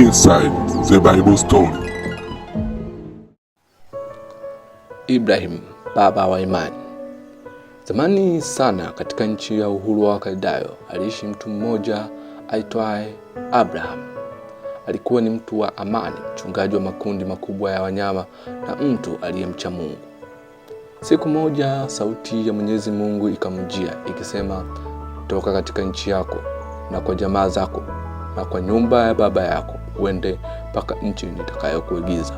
Inside the Bible Story. Ibrahim, baba wa imani. Zamani sana katika nchi ya uhuru wa Kaldayo aliishi mtu mmoja aitwaye Abraham. Alikuwa ni mtu wa amani, mchungaji wa makundi makubwa ya wanyama na mtu aliyemcha Mungu. Siku moja sauti ya Mwenyezi Mungu ikamjia ikisema, toka katika nchi yako na kwa jamaa zako na kwa nyumba ya baba yako uende mpaka nchi nitakayokuigiza.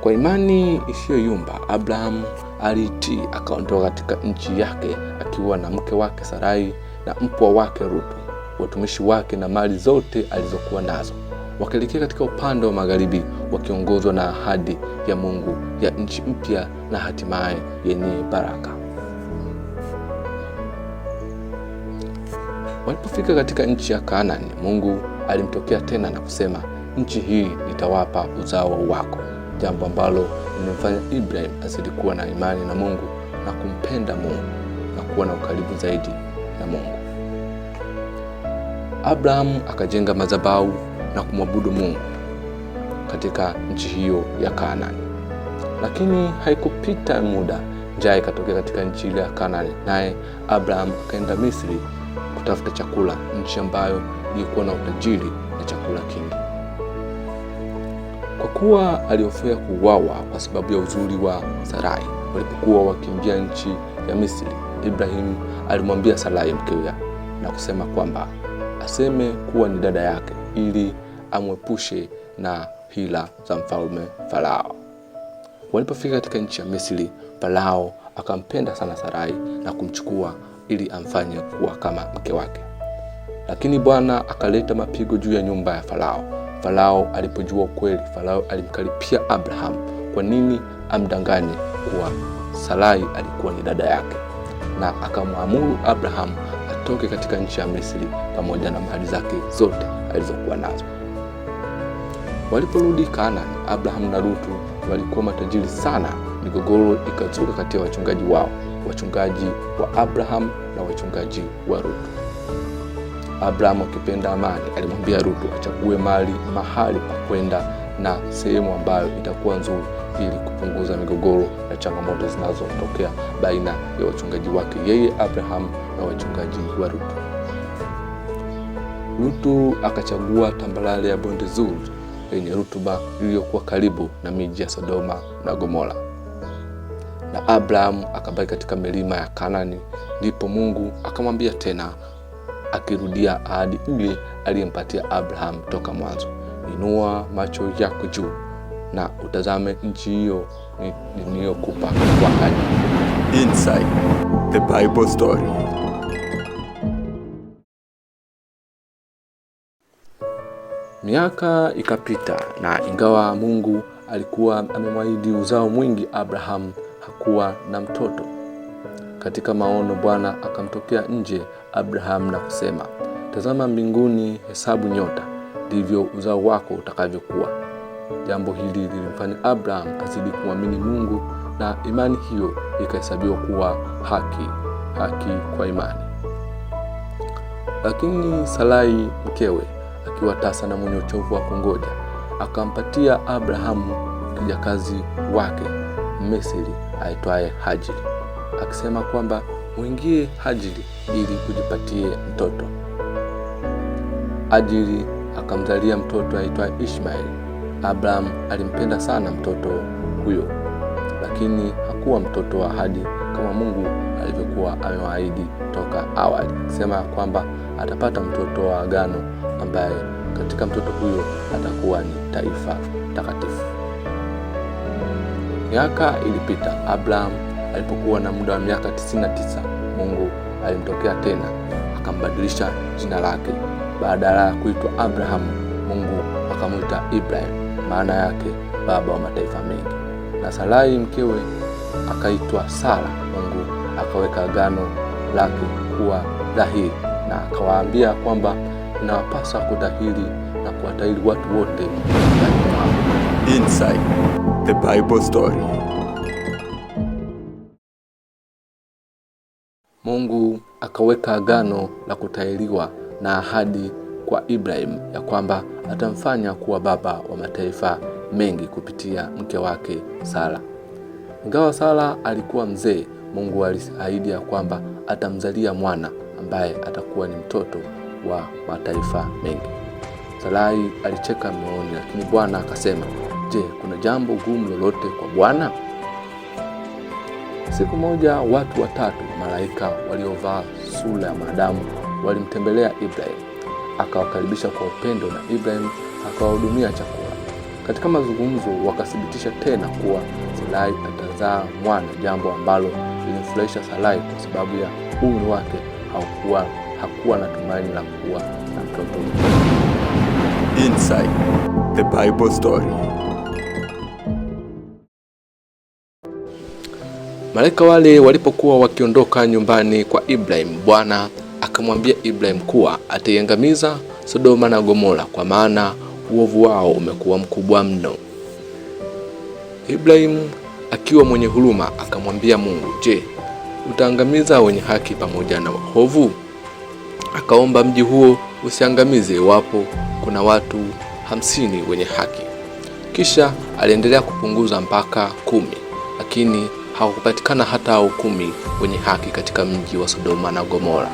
Kwa imani isiyoyumba Abrahamu alitii, akaondoka katika nchi yake akiwa na mke wake Sarai na mpwa wake Rutu, watumishi wake na mali zote alizokuwa nazo, wakaelekea katika upande wa magharibi, wakiongozwa na ahadi ya Mungu ya nchi mpya na hatimaye yenye baraka. Walipofika katika nchi ya Kanaani, Mungu alimtokea tena na kusema, nchi hii nitawapa uzao wako, jambo ambalo limemfanya Ibrahim azidi kuwa na imani na Mungu na kumpenda Mungu na kuwa na ukaribu zaidi na Mungu. Abrahamu akajenga madhabahu na kumwabudu Mungu katika nchi hiyo ya Kanaani, lakini haikupita muda, njaa ikatokea katika nchi ile ya Kanaani, naye Abrahamu akaenda Misri kutafuta chakula, nchi ambayo aliyekuwa na utajiri na chakula kingi. Kwa kuwa alihofia kuuawa kwa sababu ya uzuri wa Sarai walipokuwa wakiingia nchi ya Misri, Ibrahimu alimwambia Sarai mkewe na kusema kwamba aseme kuwa ni dada yake ili amwepushe na hila za mfalme Farao. Walipofika katika nchi ya Misri, Farao akampenda sana Sarai na kumchukua ili amfanye kuwa kama mke wake. Lakini Bwana akaleta mapigo juu ya nyumba ya Farao. Farao alipojua ukweli, Farao alimkaripia Abraham. Kwa nini amdanganye kuwa Sarai alikuwa ni dada yake? Na akamwamuru Abraham atoke katika nchi ya Misri pamoja na mali zake zote alizokuwa nazo. Waliporudi Kanaani, Abraham na Rutu walikuwa matajiri sana. Migogoro ikazuka kati ya wachungaji wao, wachungaji wa Abraham na wachungaji wa Rutu. Abrahamu akipenda amani, alimwambia Rutu achague mali mahali pa kwenda na sehemu ambayo itakuwa nzuri ili kupunguza migogoro na changamoto zinazotokea baina ya wachungaji wake yeye Abrahamu na wachungaji wa Rutu. Rutu akachagua tambalale ya bonde zuri yenye rutuba iliyokuwa karibu na miji ya Sodoma na Gomora, na Abrahamu akabaki katika milima ya Kanani. Ndipo Mungu akamwambia tena akirudia ahadi ile aliyempatia Abraham toka mwanzo, inua macho yako juu na utazame nchi hiyo niliyokupa kwa ahadi. Inside the Bible story. Miaka ikapita na ingawa Mungu alikuwa amemwahidi uzao mwingi, Abraham hakuwa na mtoto. Katika maono Bwana akamtokea nje Abraham na kusema, tazama mbinguni, hesabu nyota, ndivyo uzao wako utakavyokuwa. Jambo hili lilimfanya Abraham azidi kumwamini Mungu, na imani hiyo ikahesabiwa kuwa haki, haki kwa imani. Lakini Sarai mkewe, akiwa tasa na mwenye uchovu wa kungoja, akampatia Abrahamu kijakazi wake mesiri aitwaye Hajiri akisema kwamba uingie Hajiri ili kujipatie mtoto. Hajiri akamzalia mtoto aitwaye Ishmaeli. Abrahamu alimpenda sana mtoto huyo, lakini hakuwa mtoto wa ahadi kama Mungu alivyokuwa amewaahidi toka awali, sema ya kwamba atapata mtoto wa agano ambaye katika mtoto huyo atakuwa ni taifa takatifu. Miaka ilipita Abrahamu alipokuwa na muda wa miaka 99, Mungu alimtokea tena akambadilisha jina lake. Badala ya kuitwa Abrahamu, Mungu akamwita Ibrahim, maana yake baba wa mataifa mengi. Na Sarai mkewe akaitwa Sara. Mungu akaweka agano lake kuwa dhahiri, na akawaambia kwamba inawapasa kutahiri na kuwatahiri watu wote. Inside the Bible story. Mungu akaweka agano la kutahiriwa na ahadi kwa Ibrahim ya kwamba atamfanya kuwa baba wa mataifa mengi kupitia mke wake Sara. Ingawa Sara alikuwa mzee, Mungu aliahidi ya kwamba atamzalia mwana ambaye atakuwa ni mtoto wa mataifa mengi. Sarai alicheka moyoni, lakini Bwana akasema, je, kuna jambo gumu lolote kwa Bwana? Siku moja watu watatu malaika waliovaa sura ya maadamu walimtembelea ibrahim akawakaribisha kwa upendo na ibrahim akawahudumia chakula. Katika mazungumzo wakathibitisha tena kuwa Sarai atazaa mwana, jambo ambalo lilimfurahisha Sarai kwa sababu ya umri wake haukuwa hakuwa na tumaini la kuwa na mtoto. Inside the Bible Story. Malaika wale walipokuwa wakiondoka nyumbani kwa Ibrahim, Bwana akamwambia Ibrahim kuwa ataiangamiza Sodoma na Gomora kwa maana uovu wao umekuwa mkubwa mno. Ibrahim akiwa mwenye huruma akamwambia Mungu, je, utaangamiza wenye haki pamoja na waovu? Akaomba mji huo usiangamize iwapo kuna watu hamsini wenye haki. Kisha aliendelea kupunguza mpaka kumi, lakini hawakupatikana hata kumi wenye haki katika mji wa Sodoma na Gomora.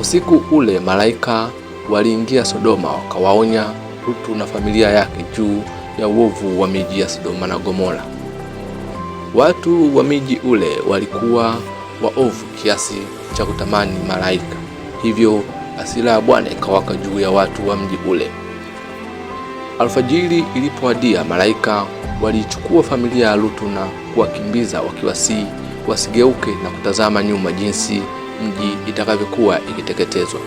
Usiku ule malaika waliingia Sodoma, wakawaonya Lutu na familia yake juu ya uovu wa miji ya Sodoma na Gomora. Watu wa miji ule walikuwa waovu kiasi cha kutamani malaika, hivyo asira ya Bwana ikawaka juu ya watu wa mji ule. Alfajiri ilipowadia, malaika waliichukua familia ya Lutu na kuwakimbiza wakiwasi wasigeuke na kutazama nyuma jinsi mji itakavyokuwa ikiteketezwa.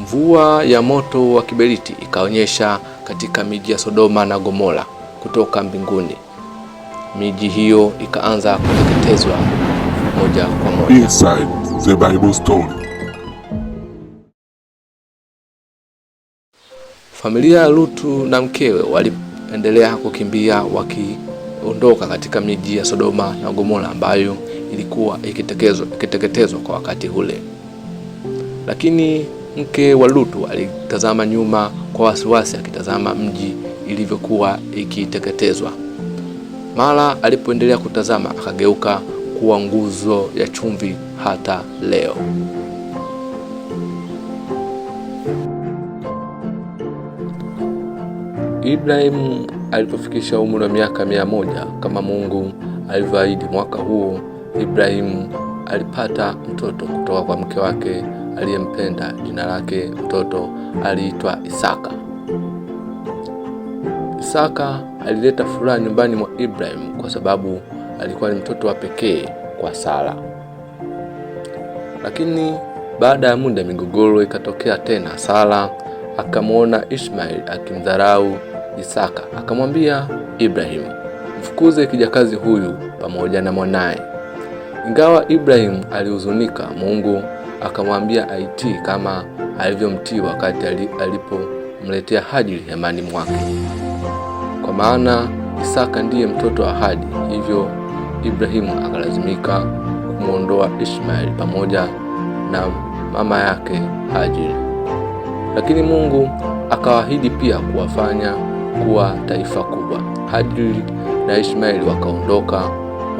Mvua ya moto wa kiberiti ikaonyesha katika miji ya Sodoma na Gomora kutoka mbinguni. Miji hiyo ikaanza kuteketezwa moja kwa moja. Inside the Bible story. Familia ya Lutu na mkewe waliendelea kukimbia waki ondoka katika miji ya Sodoma na Gomora ambayo ilikuwa ikiteketezwa kwa wakati ule. Lakini mke wa Lutu alitazama nyuma kwa wasiwasi, akitazama mji ilivyokuwa ikiteketezwa. Mara alipoendelea kutazama, akageuka kuwa nguzo ya chumvi hata leo. Ibrahimu alipofikisha umri wa miaka mia moja kama Mungu alivyoahidi. Mwaka huo Ibrahimu alipata mtoto kutoka kwa mke wake aliyempenda. Jina lake mtoto aliitwa Isaka. Isaka alileta furaha nyumbani mwa Ibrahimu kwa sababu alikuwa ni mtoto wa pekee kwa Sara. Lakini baada ya muda migogoro ikatokea tena. Sara akamwona Ishmaeli akimdharau Isaka akamwambia Ibrahimu, mfukuze kijakazi huyu pamoja na mwanaye. Ingawa Ibrahimu alihuzunika, Mungu akamwambia aitii kama alivyomtii wakati alipomletea Hajiri hemani mwake, kwa maana Isaka ndiye mtoto wa hadi Hivyo Ibrahimu akalazimika kumwondoa Ishmaeli pamoja na mama yake Hajiri, lakini Mungu akawaahidi pia kuwafanya kuwa taifa kubwa. Hadri na Ishmaeli wakaondoka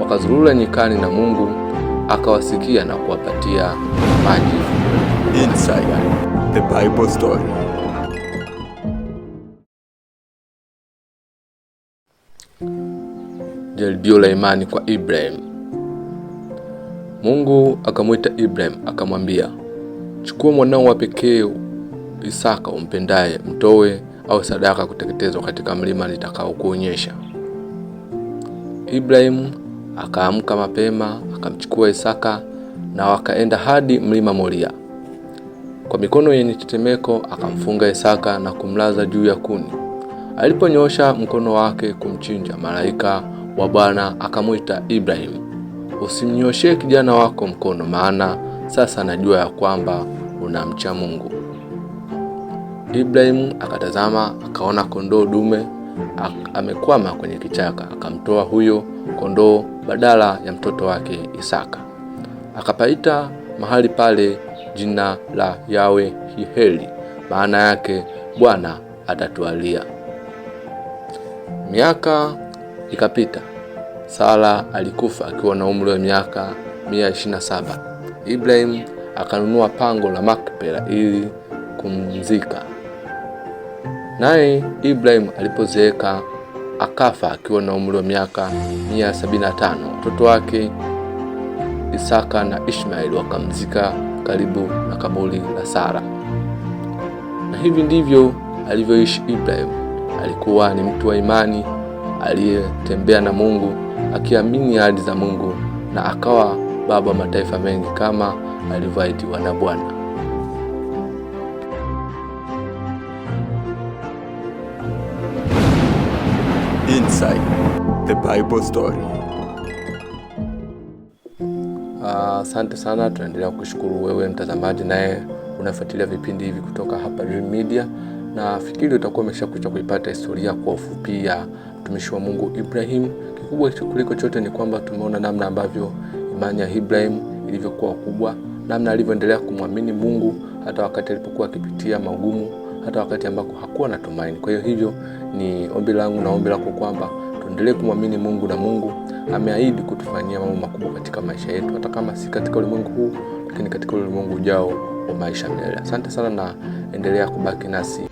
wakazurura nyikani, na Mungu akawasikia na kuwapatia maji. Inside the Bible story. Jaribio la imani kwa Ibrahim. Mungu akamwita Ibrahim akamwambia, chukua mwanao wa pekee Isaka umpendaye, mtowe au sadaka kuteketezwa katika mlima nitakaokuonyesha. Ibrahimu akaamka mapema, akamchukua Isaka na wakaenda hadi mlima Moria. Kwa mikono yenye tetemeko akamfunga Isaka na kumlaza juu ya kuni. aliponyosha mkono wake kumchinja, malaika wa Bwana akamwita Ibrahimu, usimnyoshee kijana wako mkono, maana sasa najua ya kwamba unamcha Mungu. Ibrahim akatazama akaona kondoo dume amekwama kwenye kichaka, akamtoa huyo kondoo badala ya mtoto wake Isaka. Akapaita mahali pale jina la Yawe Hiheli, maana yake Bwana atatualia. Miaka ikapita, Sara alikufa akiwa na umri wa miaka 127. Ibrahim akanunua pango la Makpela ili kumzika. Naye Ibrahim alipozeeka akafa akiwa na umri wa miaka 175. Watoto wake Isaka na Ishmael wakamzika karibu na kaburi la Sara. Na hivi ndivyo alivyoishi Ibrahim. Alikuwa ni mtu wa imani aliyetembea na Mungu, akiamini ahadi za Mungu, na akawa baba wa mataifa mengi kama alivyoahidiwa na Bwana. The Bible Story. Ah, asante uh, sana. Tunaendelea kushukuru wewe mtazamaji, naye unafuatilia vipindi hivi kutoka hapa Dream Media, na fikiri utakuwa umeshakuja kuipata historia kwa ufupi ya mtumishi wa Mungu Ibrahim. Kikubwa kuliko chote ni kwamba tumeona namna ambavyo imani ya Ibrahim ilivyokuwa kubwa, namna alivyoendelea kumwamini Mungu hata wakati alipokuwa akipitia magumu, hata wakati ambako hakuwa na tumaini. Kwa hiyo hivyo ni ombi langu na ombi lako kwamba Tuendelee kumwamini Mungu na Mungu ameahidi kutufanyia mambo makubwa katika maisha yetu, hata kama si katika ulimwengu huu, lakini katika ulimwengu ujao wa maisha milele. Asante sana na endelea kubaki nasi.